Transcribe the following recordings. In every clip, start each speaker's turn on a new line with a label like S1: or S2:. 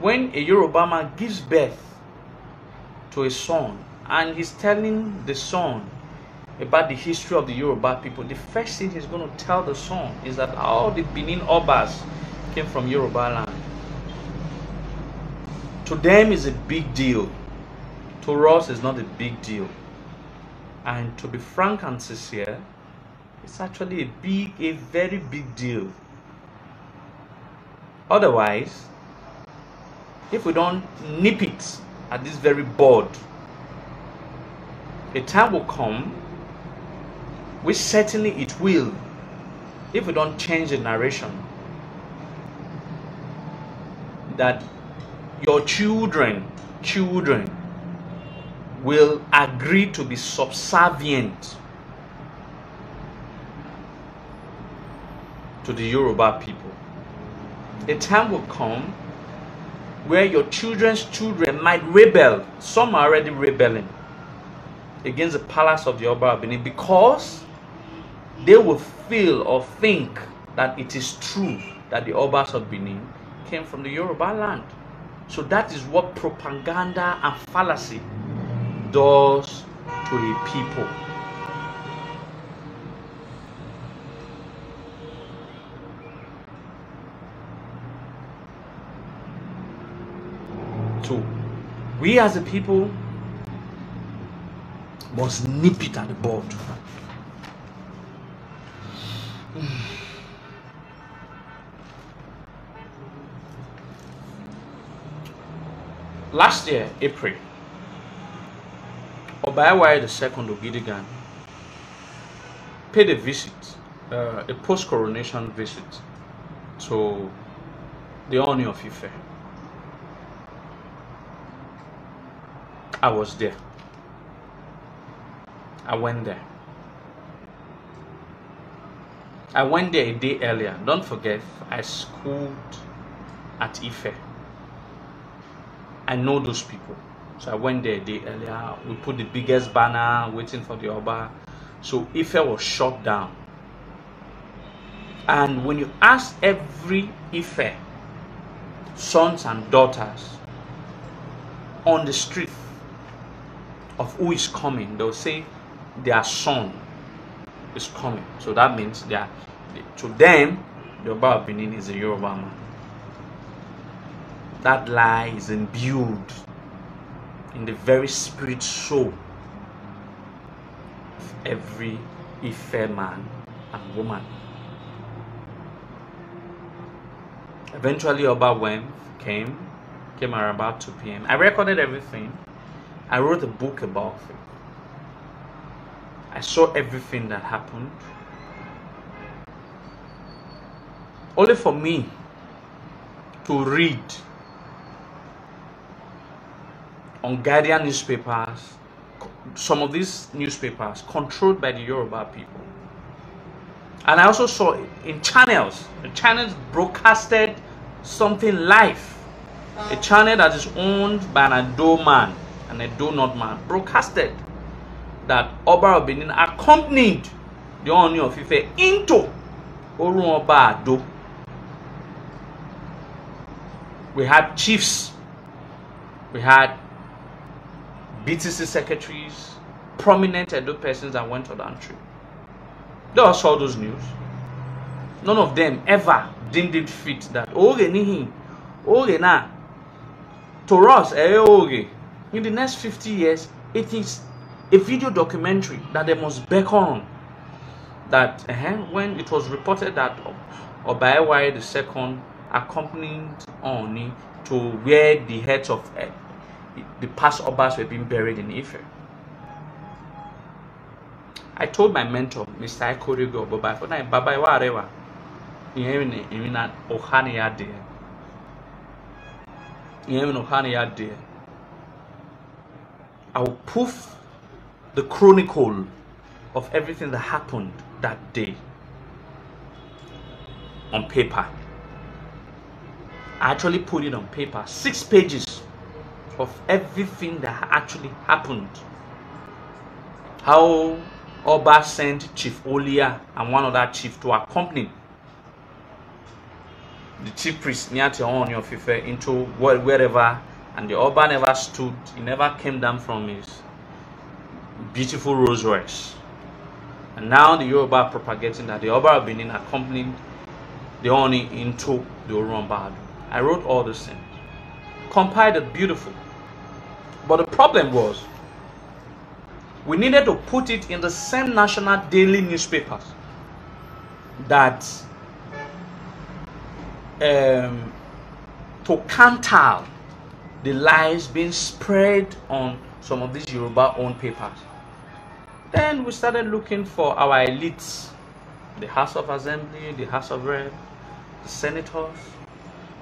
S1: when a Yoruba man gives birth to a son and he's telling the son about the history of the Yoruba people, the first thing he's going to tell the son is that all the Benin Obas came from Yoruba land. To them is a big deal. To us is not a big deal. And to be frank and sincere, it's actually a big, a very big deal. Otherwise, if we don't nip it at this very board, a time will come, which certainly it will, if we don't change the narration, that your children, children, will agree to be subservient to the Yoruba people. A time will come where your children's children might rebel. Some are already rebelling against the palace of the Oba Benin because they will feel or think that it is true that the Obas of Benin came from the Yoruba land. So that is what propaganda and fallacy does to a people. So we as a people must nip it at the bud. Last year, April, Obaiwai second of Gidigan paid a visit, uh, a post-coronation visit to the Oni of Ife. I was there. I went there. I went there a day earlier. Don't forget, I schooled at Ife. I know those people. So I went there a day earlier. We put the biggest banner waiting for the Oba. So Ife was shut down. And when you ask every Ife, sons and daughters on the street, of who is coming, they'll say their son is coming. So that means that to them, the Yoruba Benin is a Yoruba man. That lie is imbued in the very spirit soul of every Ife man and woman. Eventually, Oba Wem came, came around about 2 p.m. I recorded everything. I wrote a book about it. I saw everything that happened. Only for me to read on Guardian newspapers, some of these newspapers controlled by the Yoruba people. And I also saw in channels, the channels broadcasted something live. A channel that is owned by an adult man and donut man broadcasted that Oba of Benin accompanied the Oni of Ife into Oruoba Ado. We had chiefs, we had BTC secretaries, prominent Edo persons that went on the trip. They all saw those news. None of them ever deemed it fit that Oge Nihi, Oge Na, to us, eh, Oge in the next 50 years, it is a video documentary that they must beckon that uh, when it was reported that the II accompanied Oni to where the heads of uh, the past Obas were being buried in Ife. I told my mentor, Mr. Ikorigo Obobai, for now, Baba Iwarewa, in Ohani Yadea. In Ohani Yadea. I'll poof the chronicle of everything that happened that day on paper. I actually put it on paper, six pages of everything that actually happened. How Oba sent Chief Olia and one other chief to accompany the chief priest your Onyofife into wherever and the Oba never stood, he never came down from his beautiful Rolls Royce. And now the Yoruba are propagating that the Oba of Benin accompanied the Oni into the Orumbadu. I wrote all the things, compiled it beautiful. But the problem was, we needed to put it in the same national daily newspapers that um, to counter the lies being spread on some of these Yoruba owned papers. Then we started looking for our elites the House of Assembly, the House of Rep, the senators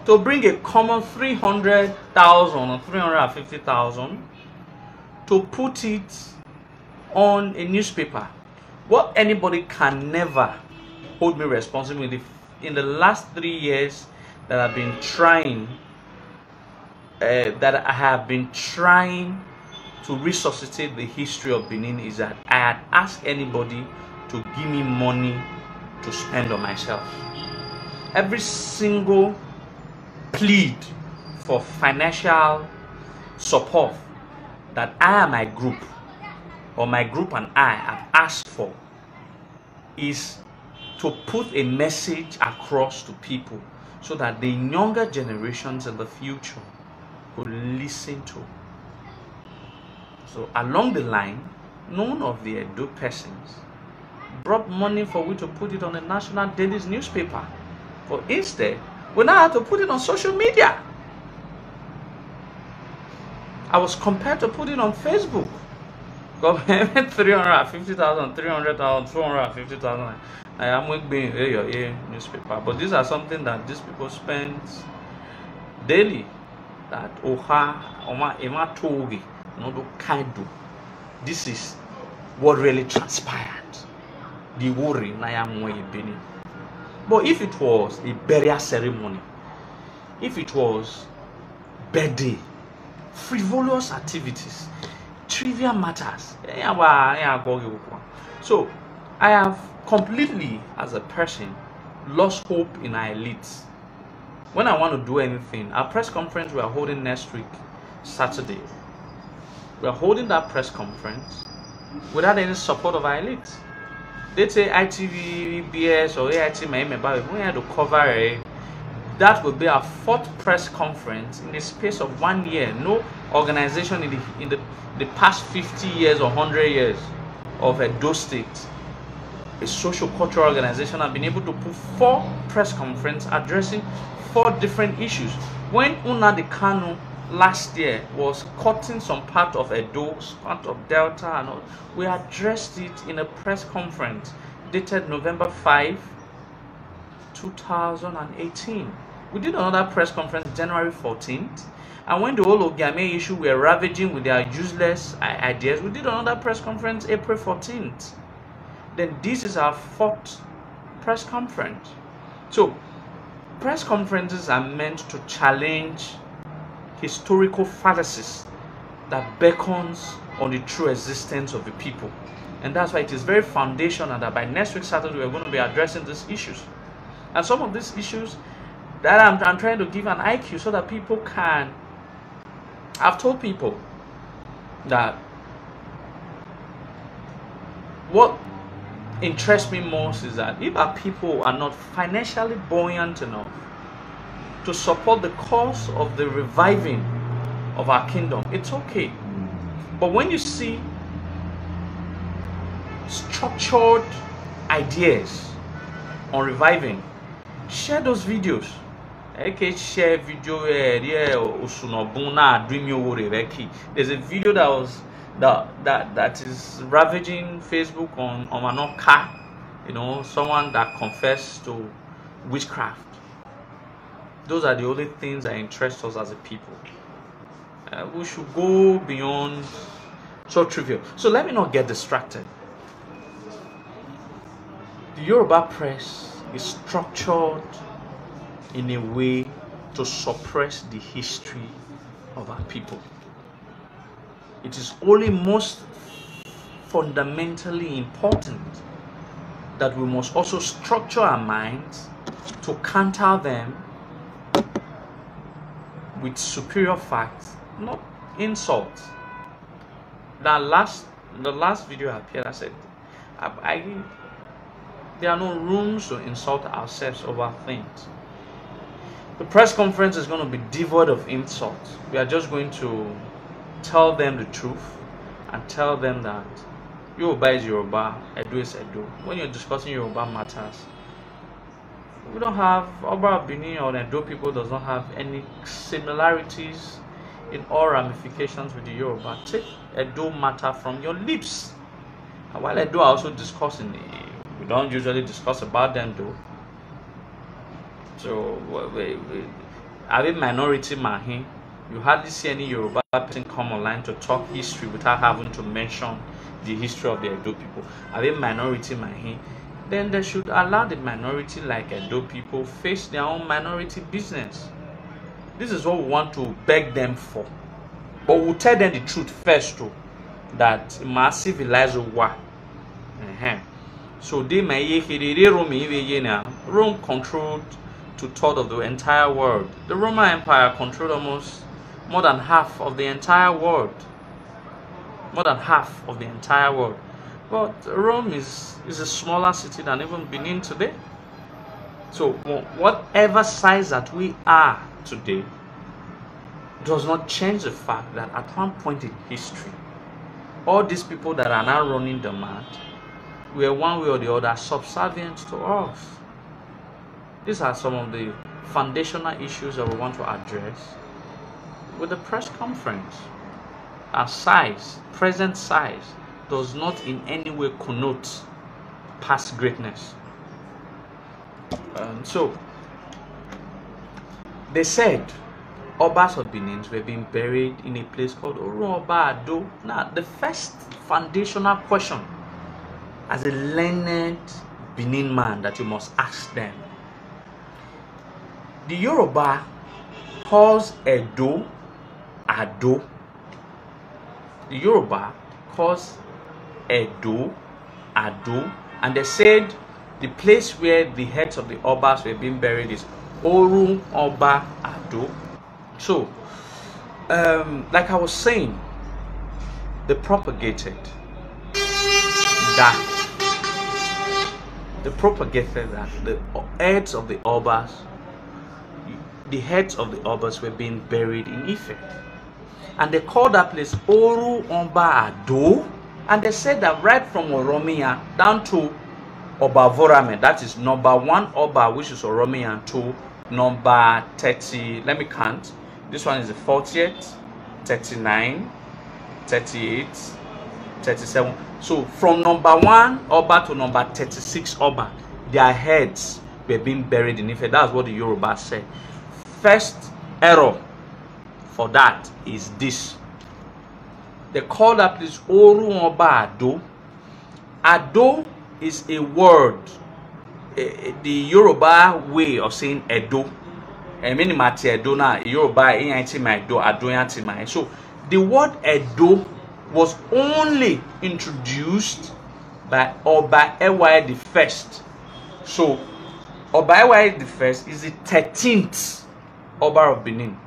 S1: to bring a common 300,000 or 350,000 to put it on a newspaper. What anybody can never hold me responsible in the, in the last three years that I've been trying uh, that I have been trying to resuscitate the history of Benin is that I had asked anybody to give me money to spend on myself. Every single plead for financial support that I and my group, or my group and I, have asked for is to put a message across to people so that the younger generations in the future could listen to. So along the line, none of the Edo persons brought money for we to put it on a national daily newspaper. But instead, we now have to put it on social media. I was compelled to put it on Facebook. Government 350,000, 300,000, 250,000. I am with yeah, eh, your eh, newspaper. But these are something that these people spend daily that oha oma ema told you know the kind of this is what really transpired the worry na ya nwa ebini but if it was a burial ceremony if it was birthday frivolous activities trivial matters eh, eh, so i have completely as a person lost hope in our elites when I want to do anything, our press conference we are holding next week, Saturday, we are holding that press conference without any support of our elite. They say ITV, BS, or AIT, my we had to cover it. That will be our fourth press conference in the space of one year. No organization in the, in the, the past 50 years or 100 years of a do State, a social cultural organization, have been able to put four press conferences addressing four different issues. When Una de Kanu last year was cutting some part of a Edo, part of Delta, and all, we addressed it in a press conference dated November 5, 2018. We did another press conference January 14th, and when the whole Ogame issue were ravaging with their useless ideas, we did another press conference April 14th. Then this is our fourth press conference. So press conferences are meant to challenge historical fallacies that beckons on the true existence of the people. And that's why it is very foundational that by next week Saturday we're going to be addressing these issues. And some of these issues that I'm, I'm trying to give an IQ so that people can. I've told people that what interests me most is that if our people are not financially buoyant enough to support the cause of the reviving of our kingdom, it's okay. But when you see structured ideas on reviving, share those videos. Okay, share video here, Osunobun There's a video that was that that that is ravaging Facebook on on an oka, you know, someone that confessed to witchcraft. Those are the only things that interest us as a people. Uh, we should go beyond so trivial. So let me not get distracted. The Yoruba press is structured in a way to suppress the history of our people. It is only most fundamentally important that we must also structure our minds to counter them with superior facts, not insults. That last, the last video I appeared, I said, I, I, there are no rooms to insult ourselves over things. The press conference is going to be devoid of insults. We are just going to tell them the truth and tell them that Yoruba is Yoruba, as I do. When you're discussing Yoruba matters, we don't have Oba Bini or Edo people does not have any similarities in all ramifications with the Yoruba. Take Edo matter from your lips. And while Edo are also discussing, we don't usually discuss about them though. So we, we, are we minority Mahi? You hardly see any Yoruba person come online to talk history without having to mention the history of the Edo people. Are they minority Mahi? Then they should allow the minority like Edo people face their own minority business. This is what we want to beg them for. But we'll tell them the truth first too. That my Elijah wa. So they may Rome controlled two thirds of the entire world. The Roman Empire controlled almost more than half of the entire world. More than half of the entire world. But Rome is, is a smaller city than even Benin today. So whatever size that we are today does not change the fact that at one point in history, all these people that are now running the mad were one way or the other subservient to us. These are some of the foundational issues that we want to address with the press conference. Our size, present size, does not in any way connote past greatness. Um, so, they said Obas of Benin were being buried in a place called Orobado. Now, the first foundational question as a learned Benin man that you must ask them the Yoruba calls Edo Ado. The Yoruba calls Edo, Ado, and they said the place where the heads of the Obas were being buried is Orun Oba Ado. So, um, like I was saying, they propagated that. They propagated that the heads of the Obas, the heads of the Obas were being buried in Ife. and they called that place Oru Omba Ado, and they said that right from Oromia down to Oba Vorame, that is number one Oba, which is Oromia, to number 30. Let me count. This one is the 40th, 39, 38, 37. So from number one Oba to number 36 Oba, their heads were being buried in Ife. That's what the Yoruba said. First error for that is this. The call that place Orunba Ado. Ado is a word, a, eh, eh, the Yoruba way of saying Edo. Èmi eh, ni màá ti Edo náà, Yoruba ìyẹn ti máa Edo, Ado ìyẹn ti máa. So the word Edo was only introduced by Oba Ewaye the First. So Oba Ewaye the First is the 13th Oba of Benin.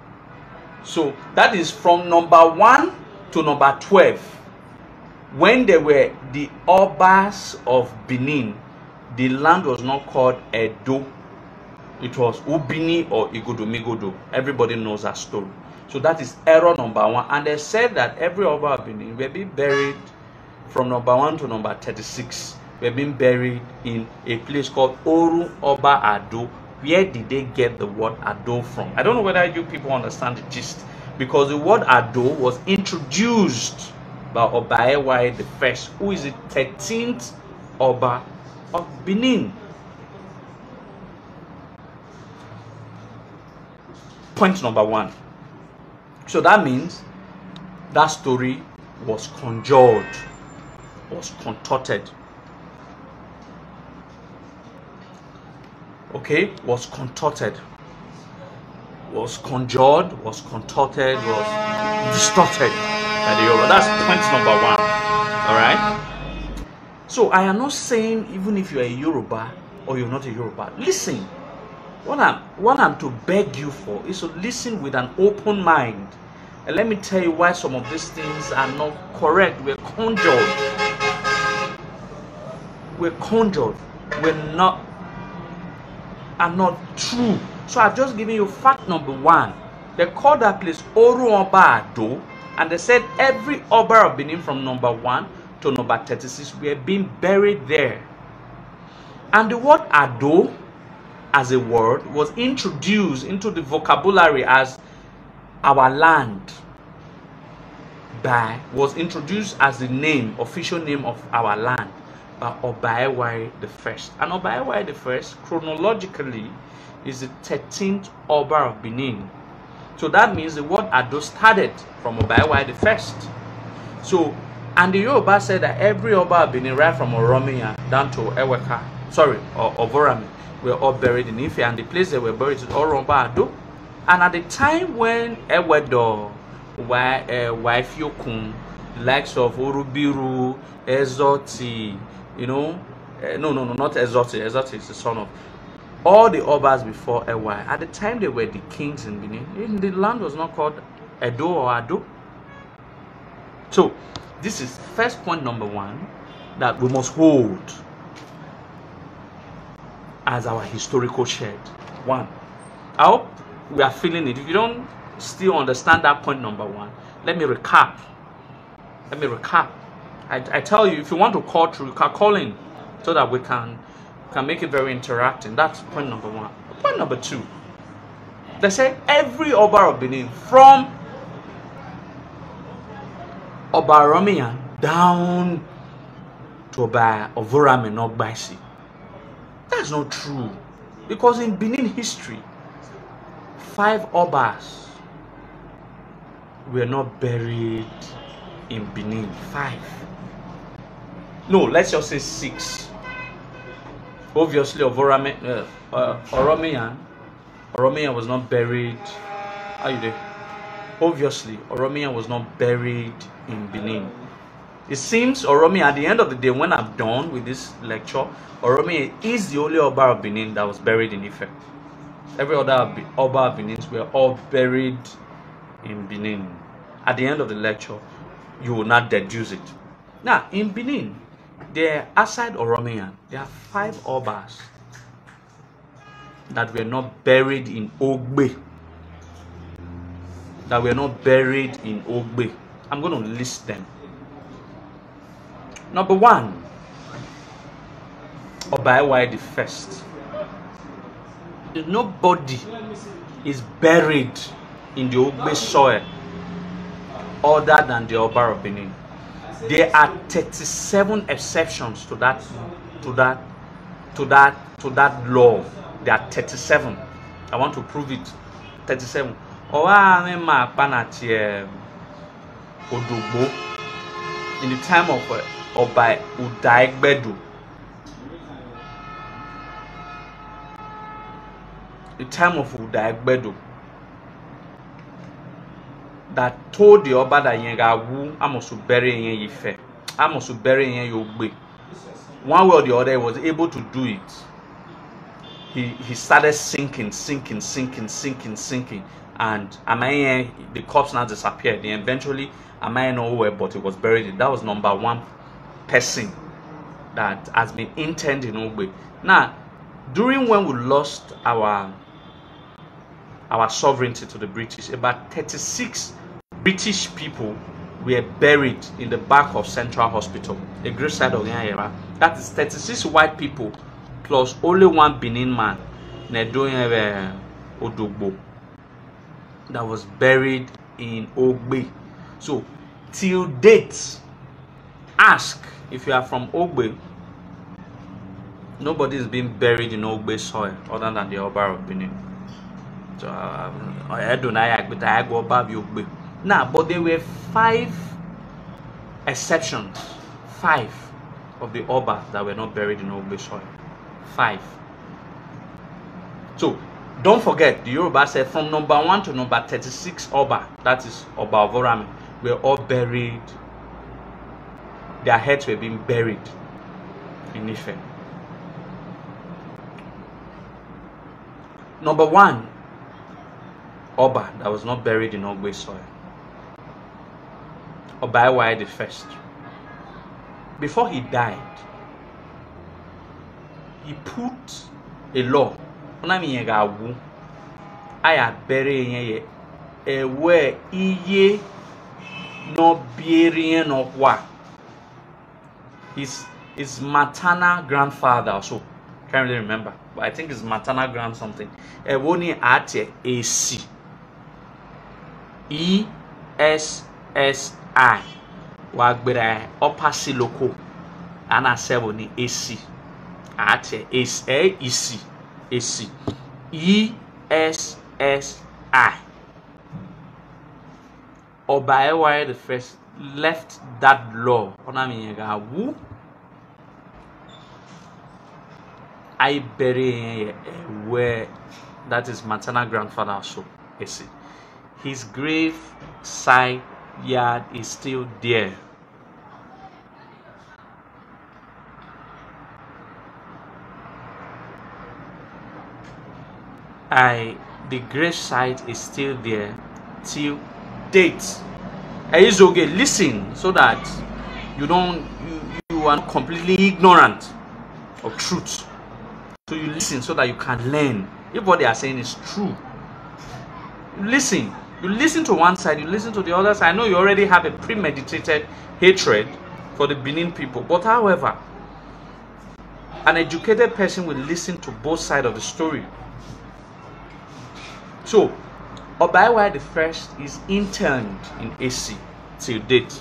S1: So that is from number one to number 12. When they were the Obas of Benin, the land was not called Edo. It was Ubini or Igodomigodo. Everybody knows that story. So that is error number one. And they said that every Oba of Benin will be buried from number one to number 36. Were being buried in a place called Oru Oba Ado where did they get the word ado from? I don't know whether you people understand the gist because the word ado was introduced by Obaewa the first, who is the 13th Oba of Benin. Point number one. So that means that story was conjured, was contorted okay, was contorted, was conjured, was contorted, was distorted by the That's point number one. Alright? So I am not saying even if you are a Yoruba or you're not a Yoruba, listen. What I'm what I'm to beg you for is to listen with an open mind. And let me tell you why some of these things are not correct. We're conjured. We're conjured. We're not are not true. So I've just given you fact number one. They called that place Oru Oba Ado, and they said every Oba of Benin from number one to number 36 were being buried there. And the word Ado as a word was introduced into the vocabulary as our land by was introduced as the name official name of our land by Obaiwai the First. And Obaiwai the First, chronologically, is the 13th Oba of Benin. So that means the word Ado started from Obaiwai the First. So, and the Yoruba said that every Oba of Benin, right from Oromia down to Eweka, sorry, or Ovorami, were all buried in Ife, and the place they were buried is Oromba Ado. And at the time when Ewedo, Waifyokun, eh, likes of Urubiru, Ezoti, you know, uh, no, no, no, not exotic. Exotic is the son of. All the Obas before Ewa, at the time they were the kings in Benin, eh, the land was not called Edo or Ado. So, this is first point number one that we must hold as our historical shed. One, I hope we are feeling it. If you don't still understand that point number one, let me recap. Let me recap I, I tell you, if you want to call through, you can call in so that we can can make it very interacting. That's point number one. Point number two. They say every Oba of Benin from Oba Romian down to Oba Ovorame not Baisi. That's not true. Because in Benin history, five Obas were not buried in Benin. Five no let's just say six obviously of Orame, uh, uh, was not buried Are you there? obviously Oromiyan was not buried in Benin it seems Oromiyan at the end of the day when I'm done with this lecture Oromiyan is the only Oba of Benin that was buried in Ife every other Oba of Benin were all buried in Benin at the end of the lecture you will not deduce it now in Benin there, aside Oromian, there are five Obas that were not buried in Ogbe. That were not buried in Ogbe. I'm going to list them. Number one, Obaiwai the first. Nobody is buried in the Ogbe soil other than the Oba of Benin. there are 37 exceptions to that to that to that to that law there are 37 i want to prove it 37 ọwa ne ma akpa na tie odogbo in the time of eh, ọba Uda Egbedu the time of Uda Egbedu that told the ọba that yẹn ga wu amosu bury yẹn yìí fẹ́ amosu bury yẹn yóò gbé one way or the other he was able to do it he he started sinking sinking sinking sinking sinking and amayen the corpse now disappeared and eventually amayen no where but he was buried that was number one person that has been interned in Ogbe now during when we lost our our sovereignty to the British about thirty six. British people were buried in the back of Central Hospital, the grave side of Yanyera. That is 36 white people plus only one Benin man, Nedoyere Odogbo, that was buried in Ogbe. So, till date, ask if you are from Ogbe. Nobody is being buried in Ogbe soil other than the Oba of Benin. So, I don't know, but I go Oba of Now, but there were five exceptions, five of the Oba that were not buried in Ogbe soil. Five. So, don't forget, the Yoruba said from number one to number 36 Oba, that is Oba of Orami, were all buried. Their heads were being buried in Ife. Number one, Oba that was not buried in Ogbe soil. Obaiwai the first. Before he died, he put a law ọnam yẹn ga awu a yà ewe yẹn no ẹwẹ no n'obiere his his maternal grandfather also can't really remember but I think his maternal grand something ẹwọ ni àtẹ ac, E S S a wɔagbere upper siloco ana asɛ wɔ ne esi ate es esi esi e s s i ɔbaayewa the first left that law ɔnam yɛn ka awu ayibere yɛn yɛ ɛwɛ that is maternal grandfather so esi his grave site. yard is still there. I the grave site is still there till date. okay, listen so that you don't you, you are completely ignorant of truth. So you listen so that you can learn if what they are saying is true. Listen. You listen to one side, you listen to the other side. I know you already have a premeditated hatred for the Benin people, but however, an educated person will listen to both sides of the story. So, Obaiwa the first is interned in AC till date.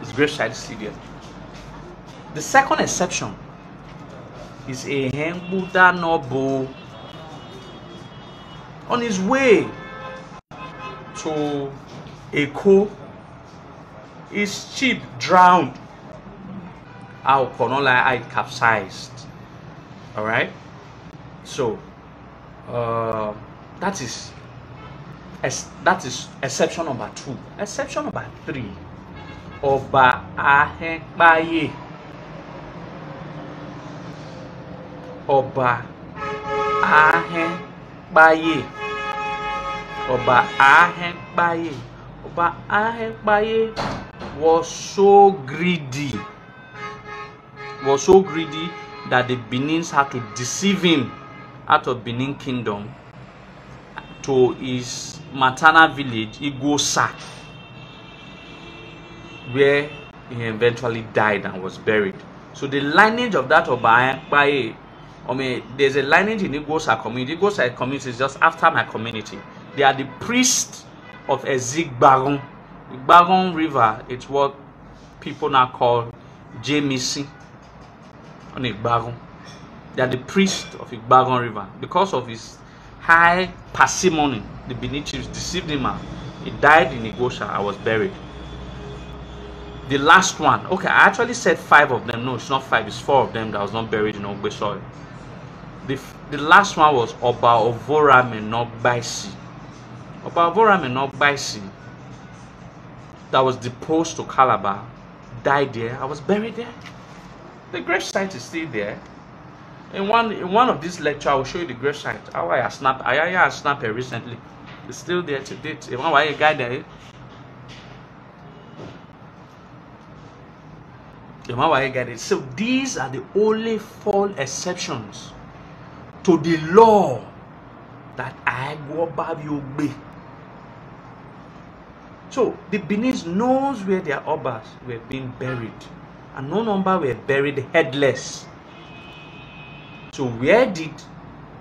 S1: His gravesite is still The second exception is a Hengbuda noble on his way to Èkó his ship drowned our Konola I capsized all right so uh, that is that is exception number two exception number three Ọba Ahẹ́npáyé Ọba Ahẹ́npáyé. ọba ahemkpaye ọba ahemkpaye was so greedy was so greedy that the Benins had to deceive him out of Benin kingdom to his maternal village Igosa where he eventually died and was buried so the lineage of that Oba Ahemkpaye I mean there's a lineage in Igosa community Igosa community is just after my community they are the priests of Baron. The Baron River It's what people now call Jemisi. on Baron, They are the priests of the Baron River. Because of his high parsimony, the Benin chiefs deceived him out. He died in Igosha. I was buried. The last one. Okay, I actually said five of them. No, it's not five. It's four of them that was not buried in Ogbe soil. The, the last one was Oba Ovora Menobaisi. Ọba Voramina of Baisi that was deposed to Calabar died there. I was buried there. The grave site is still there. In one in one of these lectures, I will show you the grave site. How I snap I, I snap it recently. It's still there to date. Even why a guy there. So these are the only four exceptions to the law that I go above you. Be. So the Benin knows where their obas were being buried, and no number were buried headless. So where did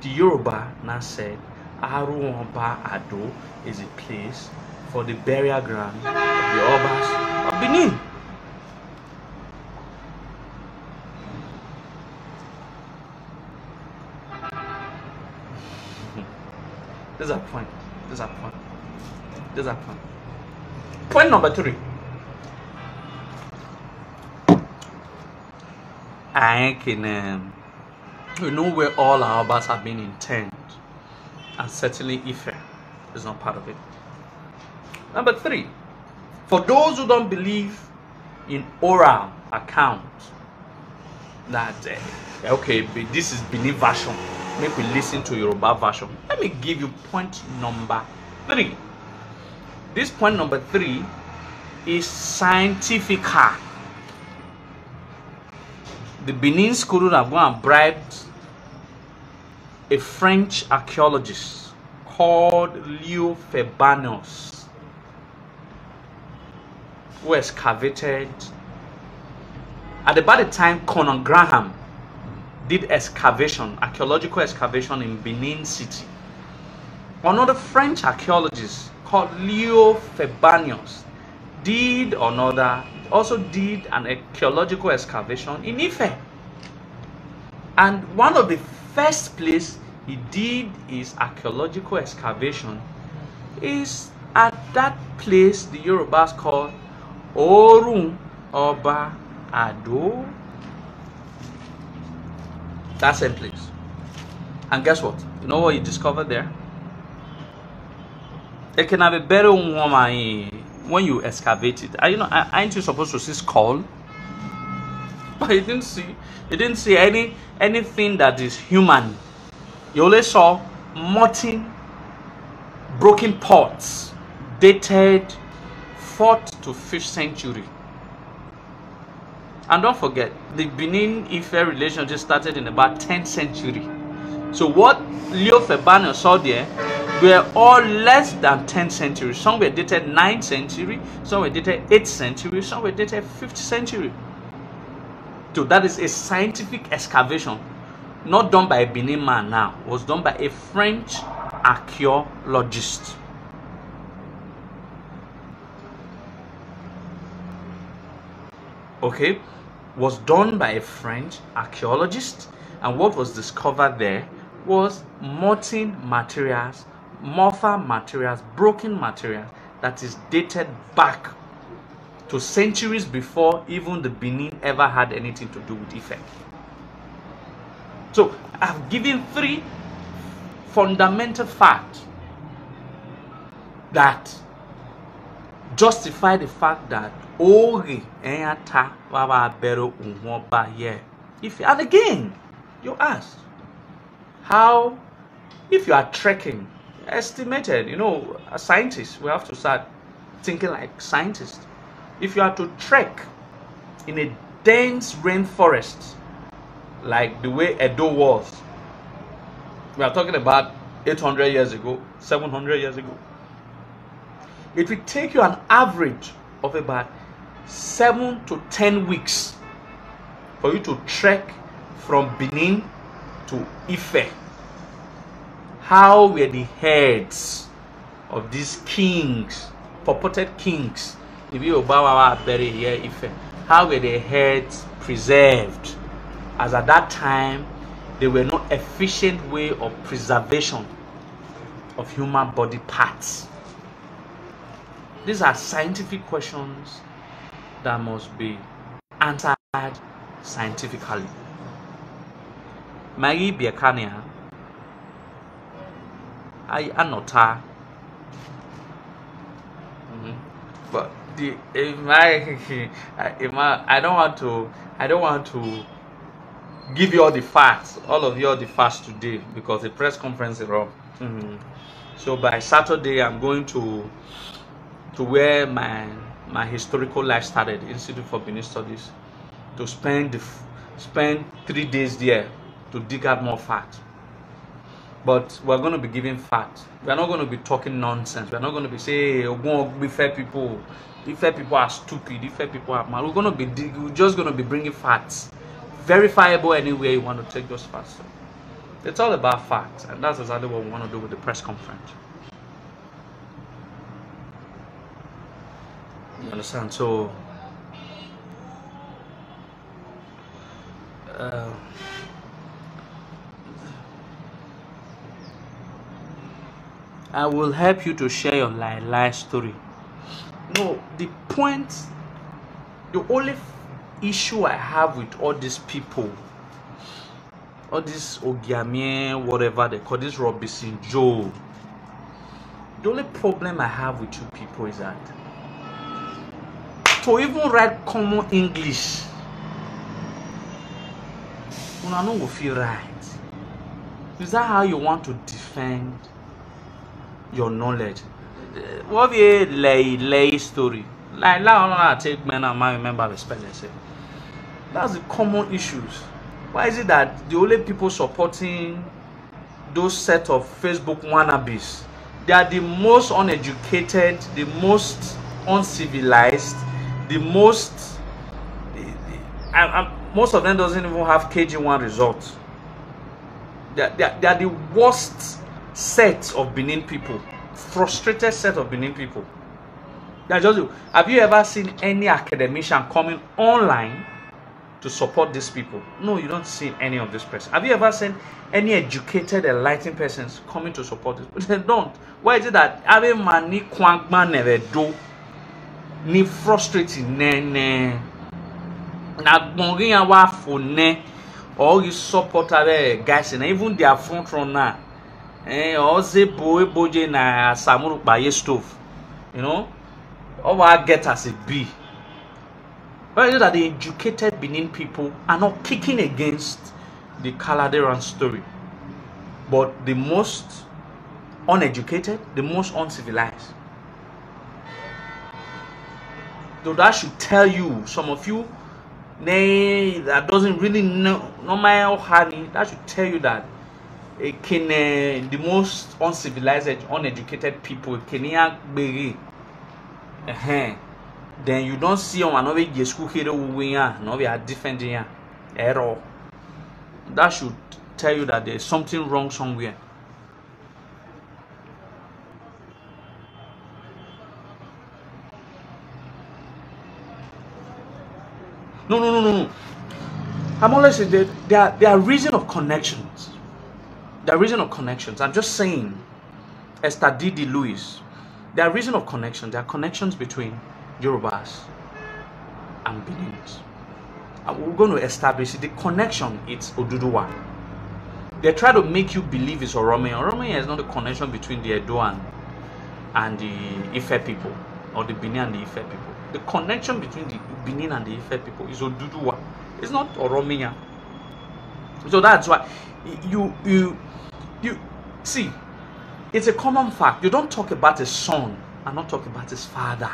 S1: the Yoruba now said Aruwamba Ado is a place for the burial ground of the obas of Benin. point. This is a point. This is a point. Point number three. I can, um, we know where all our bars have been intended, and certainly Ife is not part of it. Number three, for those who don't believe in oral account, that uh, okay, this is Benin version. Maybe listen to Yoruba version. Let me give you point number three. This point number three is scientifica. The Benin school have gone and bribed a French archaeologist called Leo Fabanus who excavated at about the time Conan Graham did excavation, archaeological excavation in Benin City. Another French archaeologist called Leo Febanius did another, also did an archaeological excavation in Ife. And one of the first place he did his archaeological excavation is at that place the Yorubas call Orun Oba Ado. That's same place. And guess what? You know what he discovered there? There can have a better woman in, when you excavate it. Are you know? Aren't you supposed to see skull? But you didn't see. You didn't see any anything that is human. You only saw mutton, broken pots, dated fourth to fifth century. And don't forget, the Benin Ife relationship started in about 10th century. So what Leo Febano saw there were all less than 10th century. Some were dated 9th century, some were dated 8th century, some were dated 5th century. So that is a scientific excavation, not done by a Benin man now, was done by a French archaeologist. Okay, was done by a French archaeologist, and what was discovered there was molten materials mortar materials, broken materials that is dated back to centuries before even the Benin ever had anything to do with effect. So I've given three fundamental facts that justify the fact that Ori Enyata Baba If and again, you ask how if you are trekking estimated. You know, as scientists, we have to start thinking like scientists. If you are to trek in a dense rainforest, like the way Edo was, we are talking about 800 years ago, 700 years ago, it will take you an average of about seven to ten weeks for you to trek from Benin to Ife how were the heads of these kings, purported kings, if you Obawa Abere here, Ife, how were their heads preserved? As at that time, there were no efficient way of preservation of human body parts. These are scientific questions that must be answered scientifically. Maggie Biakania ay anọta mm-hmm. but the in my in my I don't want to I don't want to give you all the facts all of you all the facts today because the press conference is wrong mm -hmm. so by Saturday I'm going to to where my my historical life started Institute for Business Studies to spend the, spend three days there to dig out more facts but we're going to be giving facts. We're not going to be talking nonsense. We're not going to be saying, hey, fair people. fair people are stupid. fair people are mad. We're going to be, we're just going to be bringing facts. Verifiable anywhere you want to take those facts. It's all about facts. And that's exactly what we want to do with the press conference. You understand? So, uh, I will help you to share your lie lie story. No, the point, the only issue I have with all these people, all these Ogiamie, whatever they call this Robinson Joe. The only problem I have with you people is that to even write common English, una know go feel right. Is that how you want to defend? your knowledge what be lay lay story like now I take men and man remember the spelling. that's the common issues why is it that the only people supporting those set of facebook wannabes they are the most uneducated the most uncivilized the most I, I, most of them doesn't even have kg1 results they, they, they are the worst set of Benin people, frustrated set of Benin people. Now, just have you ever seen any academician coming online to support these people? No, you don't see any of these persons. Have you ever seen any educated, enlightened persons coming to support this? They don't. Why is it that having money, kwangman, never do, ni frustrating, ne ne, na gbongin awa fo ne, all you supporter guys, and even their front runner. Ozebo Eboje na Samuru Baye stove. You know, all I get as a be. But you know that the educated Benin people are not kicking against the Kaladeran story. But the most uneducated, the most uncivilized. So that should tell you, some of you, nay, that doesn't really know, no matter how that should tell you that Kenya, the most uncivilized uneducated people ekene agbere ɛhɛn then you don see ɔmo anɔbɛ gye school kere wuwe ya na ɔbɛ adifɛn de ya ɛrɔ that should tell you that there is something wrong somewhere. No, no, no, no, no. I'm always saying there, there, are, there are reasons of connections. There reason of connections. I'm just saying, Esther Didi Lewis. There are reason of connections. There are connections between Yorubas and Benins. And uh, we're going to establish the connection. It's Oduduwa. They try to make you believe it's Oromia. Oromia is not a connection between the Edo and, and the Ife people, or the Benin and the Ife people. The connection between the Benin and the Ife people is Oduduwa. It's not Oromia. So that's why you you you see it's a common fact you don't talk about a son and not talk about his father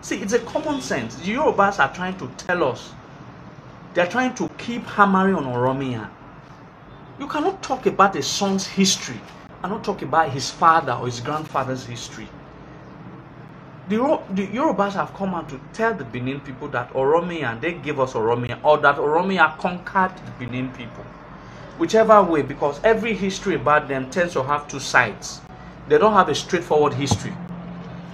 S1: see it's a common sense the yorubas are trying to tell us they're trying to keep hammering on oromia you cannot talk about a son's history and not talk about his father or his grandfather's history the, the Yorubas have come out to tell the Benin people that Oromia, they gave us Oromia, or that Oromia conquered the Benin people whichever way because every history about them tends to have two sides they don't have a straightforward history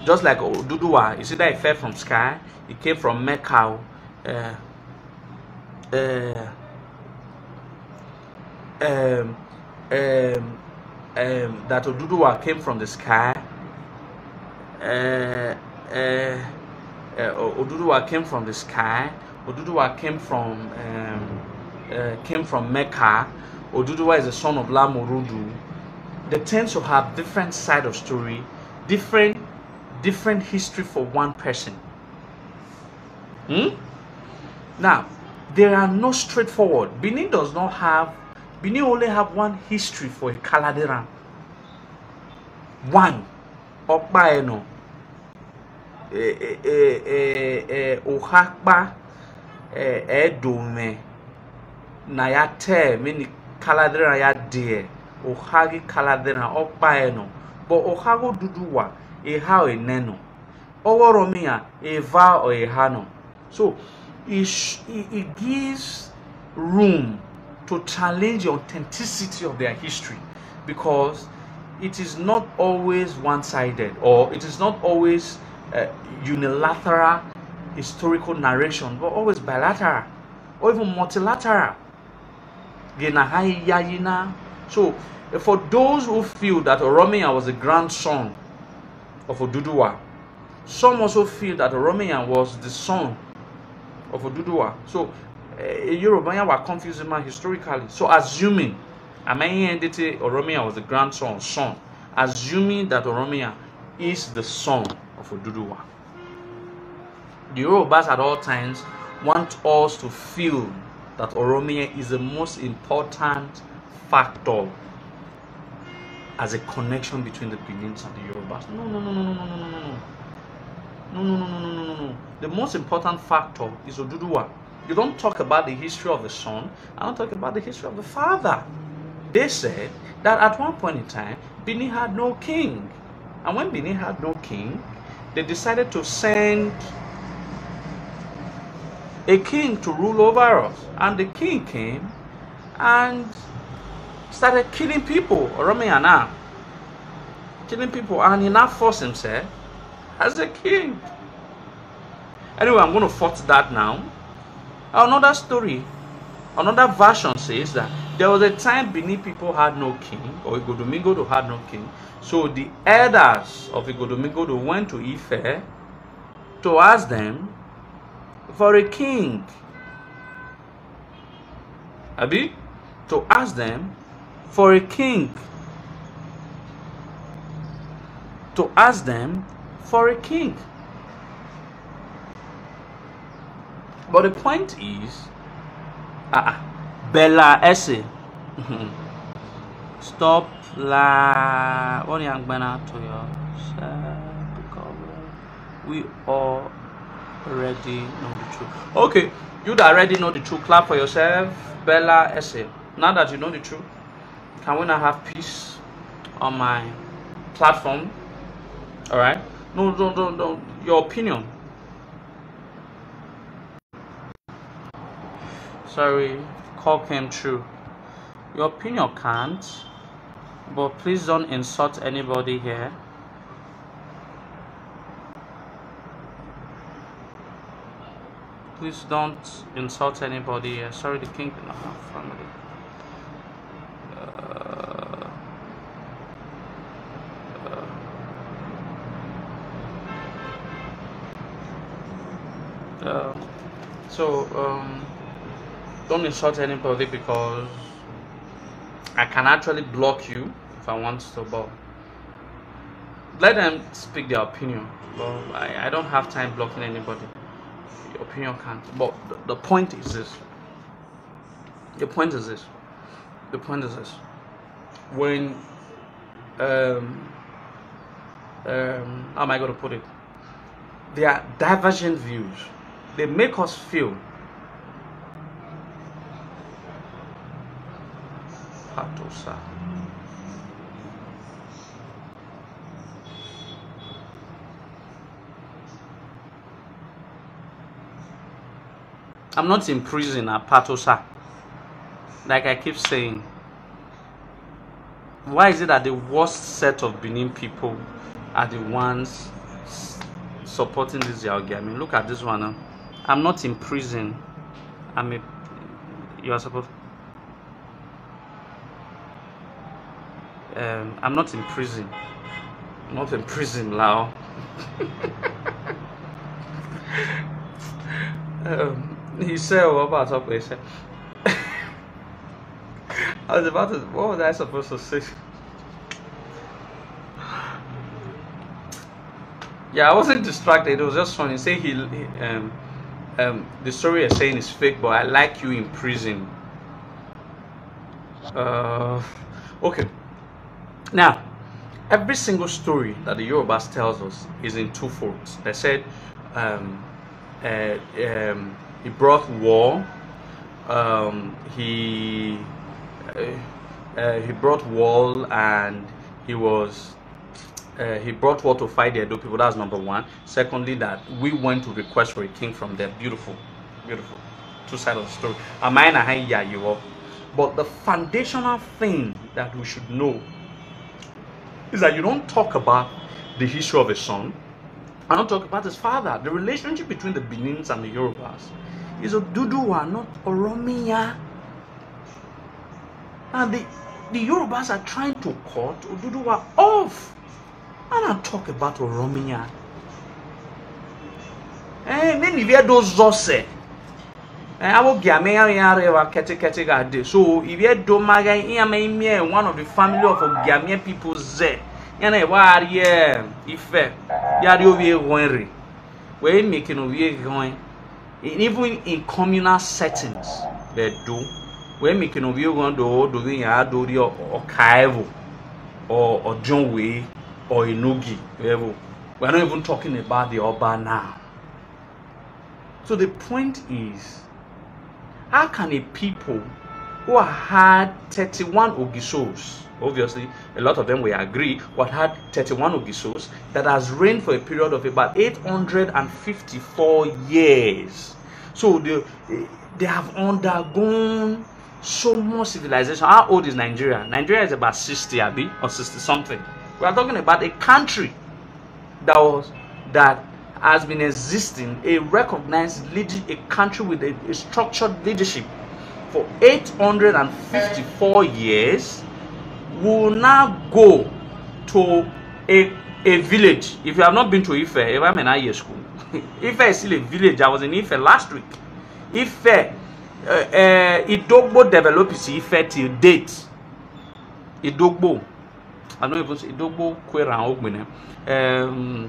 S1: just like Oduduwa is either it fell from sky it came from Mecca. uh, uh, um, um, um, that Oduduwa came from the sky uh, uh, uh Oduduwa came from the sky Oduduwa came from um, uh, came from Mecca. Oduduwa is the son of Lamorudu. They tend to have different side of story, different different history for one person. Hmm? Now, there are no straightforward. Benin does not have Benin only have one history for a Kaladeran. One. Okbaeno. E, e, e, Ohakba Edome. Nayate meaning Kaladrena ya deɛ ɔha ge kaladrena na ɔkpaɛ no bɔ ɔha go dudu wa ɛha e ɔnɛ e no ɔwɔrɔ mi a ɛva e ɔɛha no so it, it, it gives room to challenge the authenticity of their history because it is not always one-sided or it is not always uh, unilateral historical narration but always bilateral or even multilateral So, eh, for those who feel that Oromia was the grandson of Oduduwa, some also feel that Oromia was the son of Oduduwa. So, uh, eh, eh, Yorubayan were confusing man historically. So, assuming Amayendete Oromiyan was the grandson, son, assuming that Oromia is the son of Oduduwa. The Yorubas at all times want us to feel that Oromia is the most important factor as a connection between the Benins and the Yorubas. No, no, no, no, no, no, no, no, no, no. No, no, no, no, no, no, no. The most important factor is Oduduwa. You don't talk about the history of the son. I don't talk about the history of the father. They said that at one point in time, Benin had no king. And when Benin had no king, they decided to send a king to rule over us. And the king came and started killing people, Oromiana, killing people, and he now forced himself as a king. Anyway, I'm going to fight that now. Another story, another version says that there was a time Benin people had no king, or Igodomigodo had no king. So the elders of Igodomigodo went to Ife to ask them for a king. Abi? To ask them for a king. To ask them for a king. But the point is, ah, uh, Bella Essay. Stop la. What are you going to yourself? Because we all already know the truth. Okay, you that already know the truth, clap for yourself. Bella Essay. Now that you know the truth, can we now have peace on my platform? Alright? No, no, no, no. Your opinion. Sorry, call came true. Your opinion can't. But please don't insult anybody here. Please don't insult anybody. Uh, sorry, the king and our family. Uh, uh, um, so, um, don't insult anybody because I can actually block you if I want to, but let them speak their opinion. I, I don't have time blocking anybody. Your opinion can not but the, the point is this the point is this the point is this when um, um, how am I going to put it? They are divergent views. They make us feel Hatusa. I'm not in prison Apatosa. Like I keep saying. Why is it that the worst set of Benin people are the ones supporting this Yaogi? I mean, look at this one. Huh? I'm not in prison. I'm a. You are supposed. Um, I'm not in prison. I'm not in prison, Lao. um, हिस्सा होगा भाषा place I was about to. What was I supposed to say? yeah, I wasn't distracted. It was just funny. Say he, he um, um, the story you're saying is fake, but I like you in prison. Uh, okay. Now, every single story that the Yorubas tells us is in two folds. They said, um, uh, um he brought war. Um, he uh, uh, he brought war and he was uh, he brought war to fight the Edo people. That's number one. Secondly, that we went to request for a king from them. Beautiful, beautiful. Two sides of the story. Amina Haya you all. But the foundational thing that we should know is that you don't talk about the history of a son I don't talk about his father. The relationship between the Benins and the Yorubas is a Oduduwa, not Oromia. And the, the Yorubas are trying to cut Oduduwa off. I don't talk about Oromia. Eh, then if you those zose, eh, abo yare wa kete kete gade. So if you do maga, one of the family of giame people zed. yana waariɛ ifɛ yari owie hɔn re wei making owie hɔn and even in communal settings bɛ do wei making owie hɔn do o do bi yaa do ri ɔkaivo or ɔdun wei or inugi evo we are not even talking about the Oba now so the point is how can a people who had thirty-one Ogisos obviously a lot of them will agree what had 31 of the souls that has reigned for a period of about 854 years so they they have undergone so much civilization how old is nigeria nigeria is about 60 abi or 60 something we are talking about a country that was that has been existing a recognized leader a country with a, a structured leadership for 854 years will now go to a a village. If you have not been to Ife, if I'm in high school, Ife is still a village. I was in Ife last week. Ife, uh, uh, Idogbo develops Ife till date. Idogbo, I know it was Idogbo Kwera Ogbene. Um,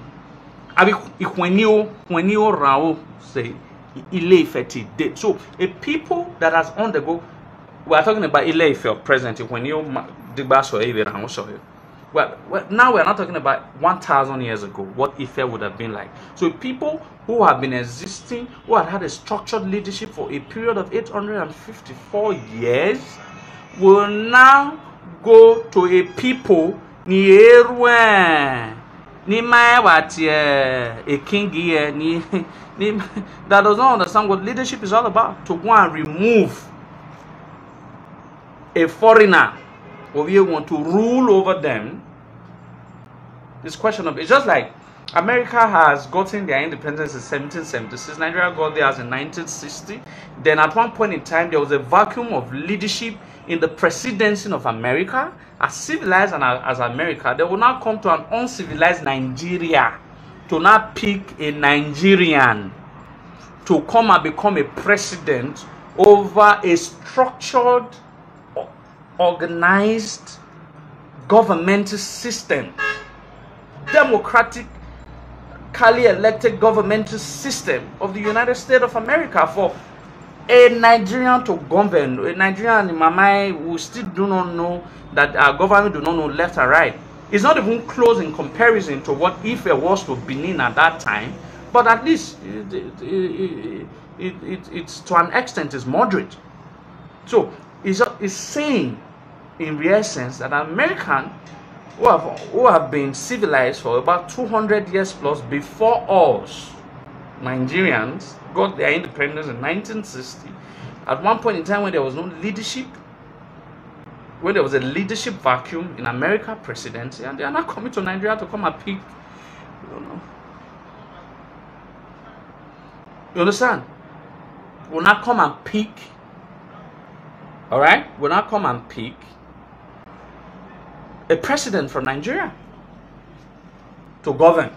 S1: abi Ikwenio Kwenio Rao say Ile Ife till date. So a people that has undergone we are talking about Ile if you're present when you Digba Soye Iberahun Soye. Well, now we're not talking about 1,000 years ago, what Ife would have been like. So people who have been existing, who have had a structured leadership for a period of 854 years, will now go to a people ni erwe ni mawatie eh, a king here ni, ni that does not understand what leadership is all about to go and remove a foreigner over here want to rule over them it's questionable it's just like America has gotten their independence in 1776. Nigeria got theirs in 1960. Then at one point in time, there was a vacuum of leadership in the presidency of America. As civilized and as America, they will now come to an uncivilized Nigeria to now pick a Nigerian to come and become a president over a structured organized governmental system, democratically elected governmental system of the United States of America for a Nigerian to govern. A Nigerian in my mind will still do not know that our government do not know left or right. It's not even close in comparison to what if it was to Benin at that time, but at least it, it, it, it's to an extent is moderate. So it's, it's saying in real sense that American who have, who have been civilized for about 200 years plus before us, Nigerians, got their independence in 1960. At one point in time when there was no leadership, when there was a leadership vacuum in America presidency, and they are not coming to Nigeria to come and pick, you know. You understand? Will not come and pick. All right? Will not come and pick a president from Nigeria to govern.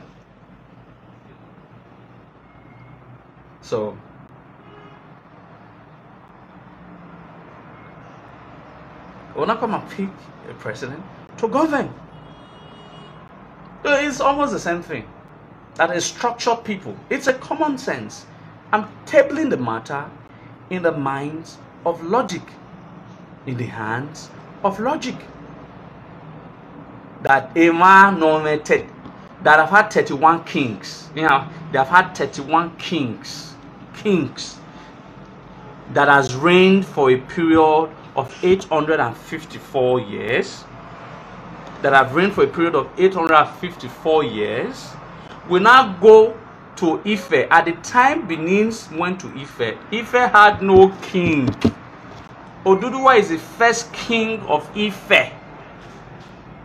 S1: So, when I come and pick a president to govern. Uh, it's almost the same thing. That is structured people. It's a common sense. I'm tabling the matter in the minds of logic, in the hands of logic that Emma nominated that have had 31 kings. You know, they have had 31 kings. Kings that has reigned for a period of 854 years. That have reigned for a period of 854 years. We now go to Ife. At the time Benin went to Ife, Ife had no king. Oduduwa is the first king of Ife.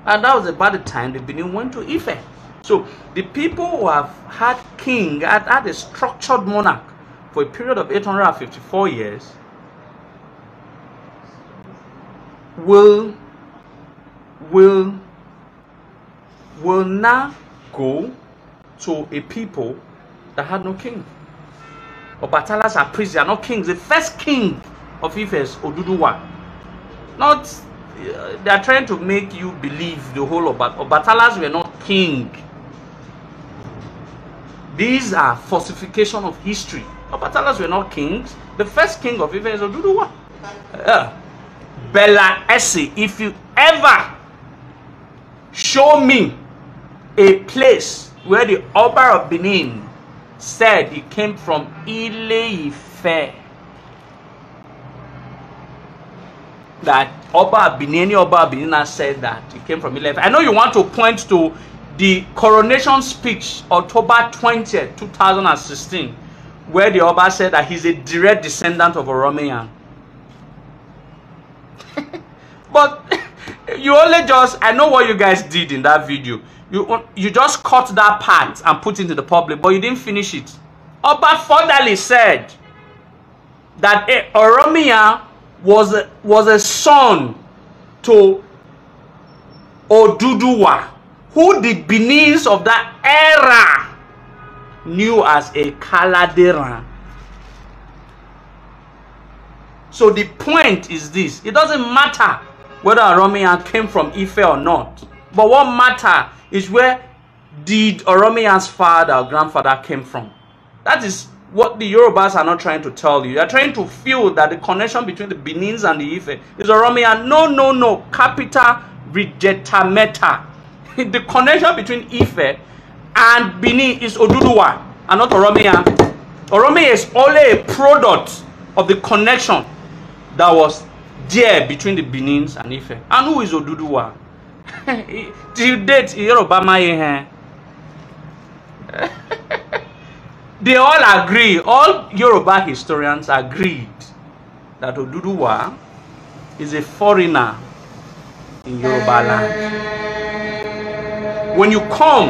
S1: And that was about the time the Benin went to Ife. So the people who have had king, had, had a structured monarch for a period of 854 years, will, will, will now go to a people that had no king. Obatalas are priests, they are not kings. The first king of Ife is Oduduwa. Not Uh, they are trying to make you believe the whole of Obat Obatalas were not king. These are falsification of history. Obatalas were not kings. The first king of Ife is Oduduwa. Yeah. Bella Esse, if you ever show me a place where the Oba of Benin said he came from Ile Ife. that Oba Abini, any Oba Abinina said that it came from 11. I know you want to point to the coronation speech, October 20th, 2016, where the Oba said that he's a direct descendant of a Oromiyan. but you only just, I know what you guys did in that video. You, you just cut that part and put it into the public, but you didn't finish it. Oba furtherly said that a eh, Oromiyan was a, was a son to Oduduwa, who the Benin's of that era knew as a Kaladera. So the point is this. It doesn't matter whether Oromiyan came from Ife or not. But what matter is where did Oromiyan's father or grandfather came from. That is what the Yorubas are not trying to tell you. They are trying to feel that the connection between the Benins and the Ife is Oromia. No, no, no. Capital rejetameta. the connection between Ife and Benin is Oduduwa and not Oromia. Oromia is only a product of the connection that was there between the Benins and Ife. And who is Oduduwa? You date, Yoruba Maye. they all agree, all Yoruba historians agreed that Oduduwa is a foreigner in Yoruba land. When you come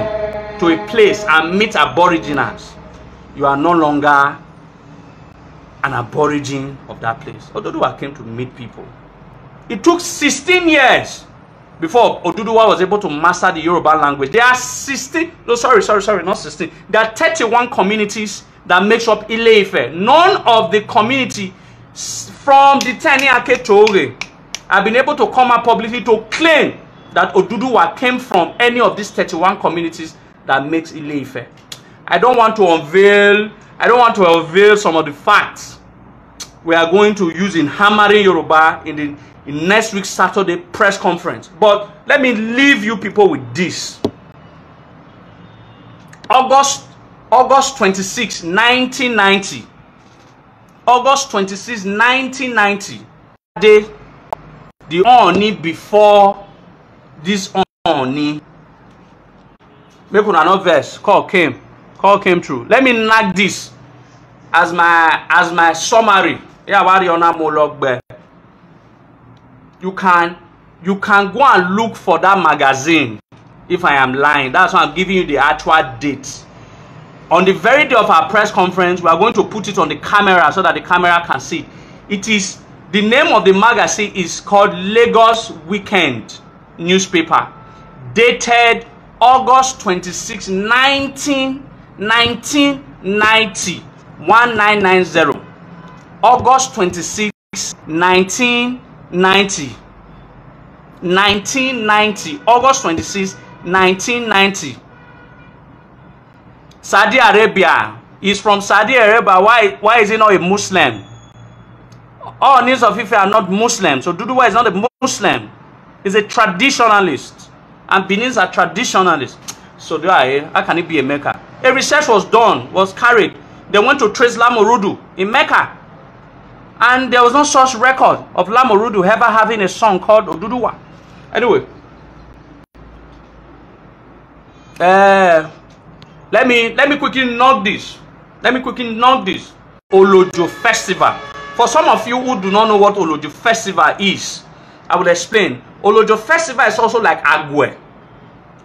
S1: to a place and meet aboriginals, you are no longer an aborigine of that place. Oduduwa came to meet people. It took 16 years before Oduduwa was able to master the Yoruba language, there are 60, no, sorry, sorry, sorry, not 60. There are 31 communities that makes up Ile-Ife. None of the community from the Teni Aketore have been able to come up publicly to claim that Oduduwa came from any of these 31 communities that makes Ile-Ife. I don't want to unveil, I don't want to unveil some of the facts we are going to use in hammering Yoruba in the in next week Saturday press conference. But let me leave you people with this. August August twenty-six, nineteen ninety. August twenty-six, nineteen ninety. Day the Ooni before this Ooni. Make una no vex. Call came. Call came through. Let me nag this as my as my summary. Yeah, wari ona mo logbe. you can you can go and look for that magazine if i am lying that's why i'm giving you the actual date on the very day of our press conference we are going to put it on the camera so that the camera can see it is the name of the magazine is called lagos weekend newspaper dated august 26 19 1990 1990 august 26 19 1990 1990 august 26 1990 saudi arabia is from saudi arabia why why is he not a muslim all needs of ife are not muslim so duduwa is not a muslim he's a traditionalist and benin's are traditionalist. so do i how can he be a mecca a research was done was carried they went to trace lamorudu in mecca and there was no such record of Lamorudu ever having a song called Oduduwa. Anyway, uh, let me let me quickly note this. Let me quickly note this. Olojo Festival. For some of you who do not know what Olojo Festival is, I will explain. Olojo Festival is also like Agwe.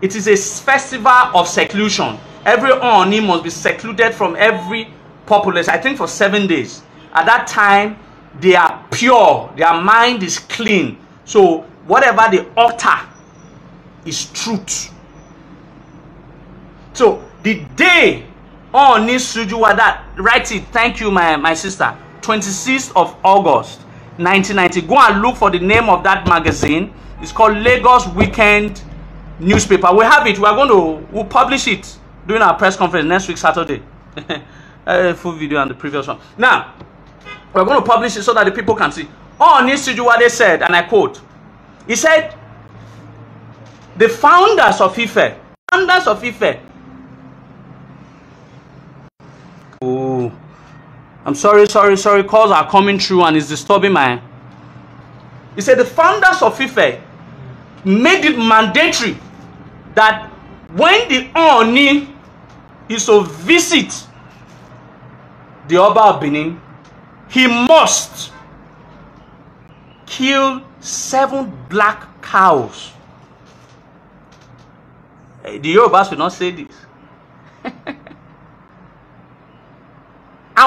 S1: It is a festival of seclusion. Every Oni must be secluded from every populace, I think for seven days at that time they are pure their mind is clean so whatever they utter is truth so the day on this suju that write it thank you my my sister 26th of august 1990 go and look for the name of that magazine it's called lagos weekend newspaper we have it we are going to we'll publish it during our press conference next week saturday A uh, full video and the previous one now We're going to publish it so that the people can see. Oh, what they said, and I quote, he said, the founders of Ife, founders of Ife. Oh, I'm sorry, sorry, sorry. Calls are coming through and it's disturbing my. He said the founders of Ife made it mandatory that when the Oni is to visit the Oba of Benin, he must kill seven black cows. Eh, the Yorubas will not say this. and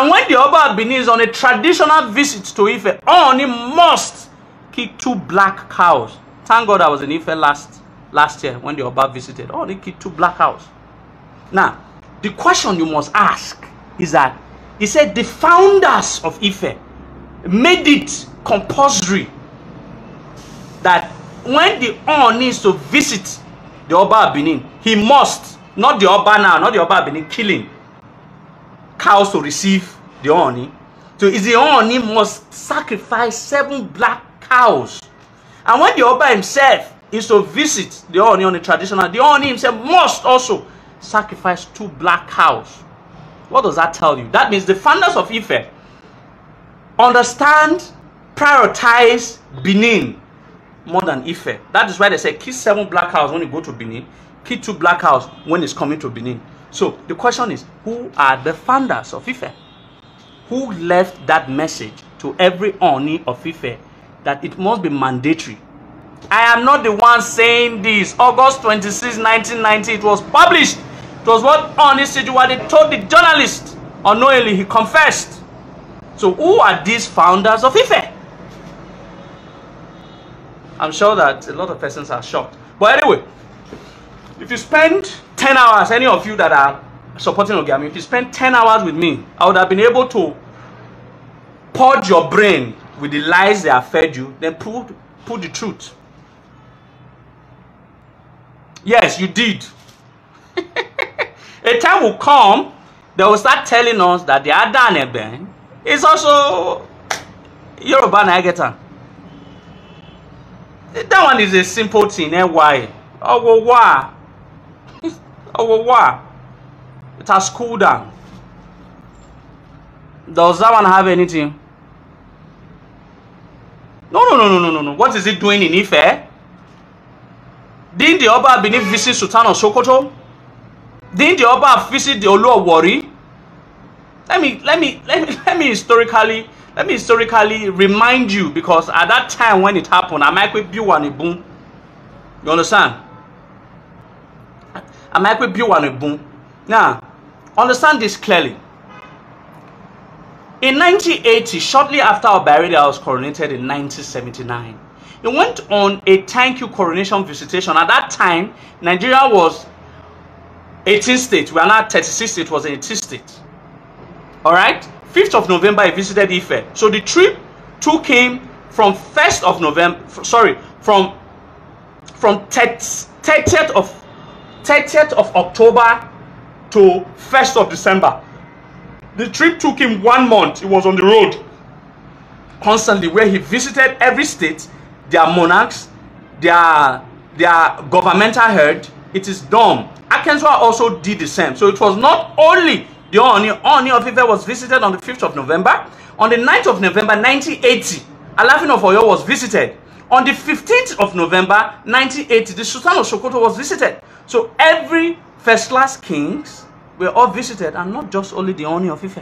S1: when the Oba of is on a traditional visit to Ife, on he must kill two black cows. Thank God I was in Ife last last year when the Oba visited. Oh, they killed two black cows. Now, the question you must ask is that He said the founders of Ife made it compulsory that when the Oon needs to visit the Oba Benin, he must, not the Oba now, not the Oba Benin, kill him. Cows to receive the Ooni. So is the Ooni must sacrifice seven black cows. And when the Oba himself is to visit the Ooni on the traditional, the Ooni himself must also sacrifice two black cows What does that tell you? That means the founders of Ife understand, prioritize Benin more than Ife. That is why they say key seven black house when you go to Benin, key two black house when it's coming to Benin. So the question is, who are the founders of Ife? Who left that message to every Oni of Ife that it must be mandatory? I am not the one saying this. August 26, 1990, it was published it was what they told the journalist. Unknowingly, he confessed. So who are these founders of Ife? I'm sure that a lot of persons are shocked. But anyway, if you spend 10 hours, any of you that are supporting Ogami, if you spend 10 hours with me, I would have been able to purge your brain with the lies they have fed you, then pull, pull the truth. Yes, you did. A time will come, they will start telling us that the Adan Eben eh, is also Yoruba Nigetan. That one is a simple thing, eh? Why? Oh, well, why? oh, well, why? It has cooled down. Does that one have anything? No, no, no, no, no, no, no. What is it doing in Ife? Didn't the Oba Benin visit Sultan of Sokoto? Didn't the Oba visit the Oluwari? Let me let me let me let me historically let me historically remind you because at that time when it happened, I might a boom. You understand? I might a boom. Now, understand this clearly. In 1980, shortly after I was coronated in 1979, he went on a thank you coronation visitation. At that time, Nigeria was 18 states. We are now 36, it was 18 states. Alright? 5th of November, I visited Ife. So the trip took him from 1st of November, sorry, from from 30th of 30th of October to 1st of December. The trip took him one month. He was on the road constantly where he visited every state, their monarchs, their, their governmental head. It is dumb Akenswa also did the same. So it was not only the Oni, Oni of Ife was visited on the 5th of November. On the 9th of November 1980, Alafin of Oyo was visited. On the 15th of November 1980, the Sultan of Sokoto was visited. So every first class kings were all visited and not just only the Oni of Ife.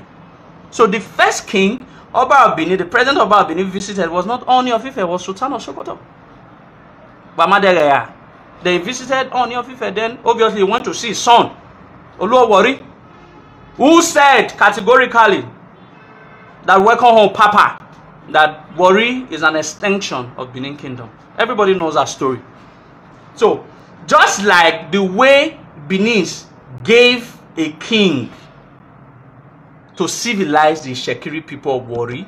S1: So the first king, Oba Abini, the president of Oba Abini visited was not Oni of Ife, was Sultan of Sokoto. Bamadereya. They visited on of Ife then obviously went to see his son, Oluwari, who said categorically that welcome home Papa, that Worry is an extension of Benin Kingdom. Everybody knows that story. So, just like the way Benin's gave a king to civilize the Shekiri people of Wari,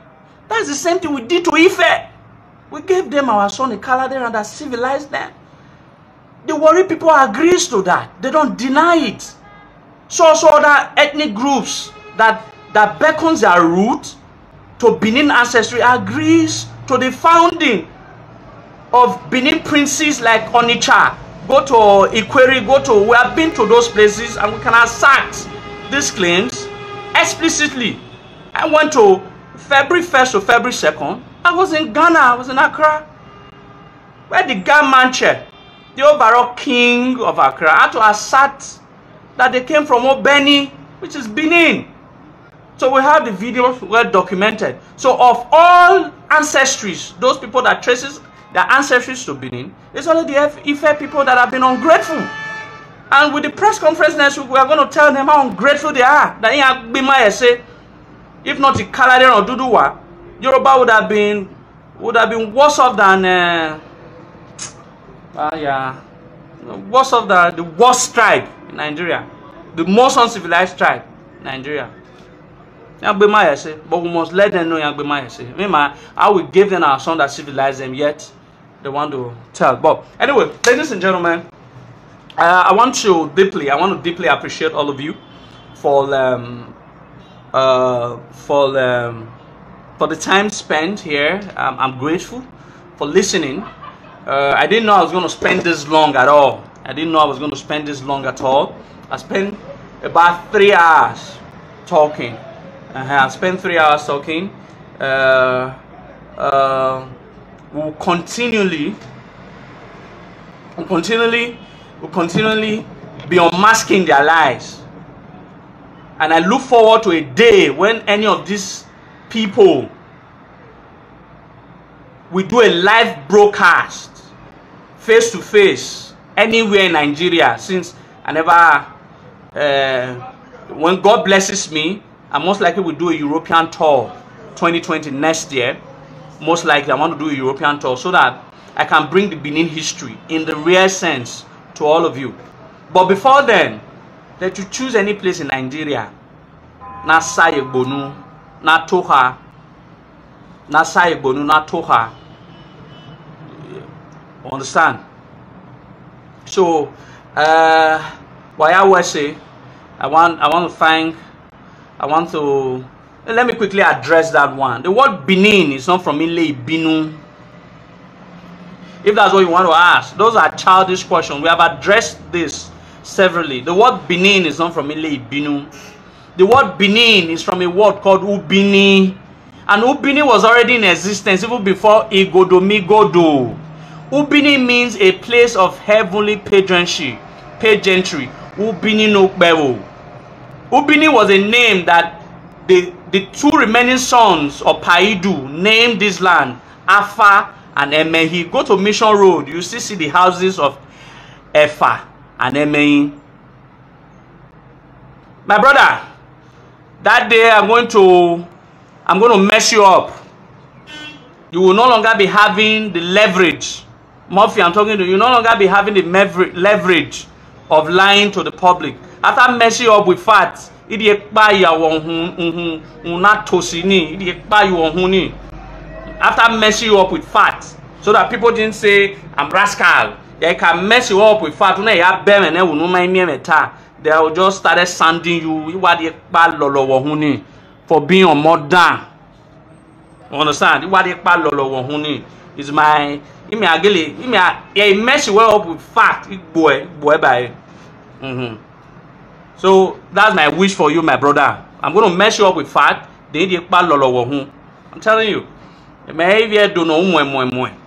S1: that's the same thing we did to Ife. We gave them our son Ikala there and that civilized them. the Warri people agrees to that. They don't deny it. So also other ethnic groups that, that beckons their root to Benin ancestry agrees to the founding of Benin princes like Onitsha. Go to Ikweri, go to, we have been to those places and we can assert these claims explicitly. I went to February 1st to February 2nd. I was in Ghana, I was in Accra. Where the Ghana man chair the overall king of Accra had to assert that they came from Obeni, which is Benin. So we have the videos well documented. So of all ancestries, those people that traces their ancestries to Benin, it's only the Ife people that have been ungrateful. And with the press conference next week, we are going to tell them how ungrateful they are. That in Agbima say, if not the Kaladen or Duduwa, Yoruba would have been would have been worse off than uh, Ah, yeah. Worst of the, the worst tribe in Nigeria. The most uncivilized tribe in Nigeria. But we must let them know Remember, I will give them our son that civilized them, yet they want to tell. But anyway, ladies and gentlemen, uh, I want to deeply, I want to deeply appreciate all of you for um, uh, for um, for the time spent here. Um, I'm grateful for listening. Uh, I didn't know I was going to spend this long at all. I didn't know I was going to spend this long at all. I spent about three hours talking. Uh-huh. I spent three hours talking. Uh, uh, we'll continually, we'll continually, we'll continually be unmasking their lies. And I look forward to a day when any of these people we do a live broadcast face to face anywhere in Nigeria since I never. Uh, when God blesses me, I most likely will do a European tour 2020 next year. Most likely, I want to do a European tour so that I can bring the Benin history in the real sense to all of you. But before then, that you choose any place in Nigeria, na Bonu, na Toha, na Bonu, na Toha. understand so uh, say I want I want to thank I want to let me quickly address that one. The word Benin is not from Ile Binu. If that's what you want to ask, those are childish questions. We have addressed this severally. The word Benin is not from Ile Binu. The word Benin is from a word called Ubini. And Ubini was already in existence even before Igodomigodo. Ubini means a place of heavenly pageantry. Pageantry. Ubini no Bewo. Ubini was a name that the, the two remaining sons of Paidu named this land, Afa and Emehi. Go to Mission Road, you still see the houses of Efa and Emehi. My brother, that day I'm going to I'm going to mess you up. You will no longer be having the leverage Murphy, I'm talking to you, no longer be having the leverage of lying to the public. After messing up with facts, ìdí ẹ̀pá ìyàwó ọ̀hún ọ̀hún ọ̀hún látòsí ní ìdí After messing you up with facts so that people didn't say I'm rascal. They can mess you up with facts. Una ya bẹ̀rẹ̀ náà wùnú máa ń ní ẹ̀mẹ̀ta. They will just start sending you ìwádìí ẹ̀pá lọ̀lọ̀wọ̀ ọ̀hún ní for being a modern. understand? Ìwádìí ẹ̀pá lọ̀lọ̀wọ̀ lolo ní is my imi agili imi a yeah, it mesh well up with fact igbo igbo ebaye mm-hmm. so that's my wish for you my brother i'm gonna mesh you up with fact dey dey pa lọlọwọ hun i'm telling you ẹ mẹ ẹ yẹ dono mọ ẹ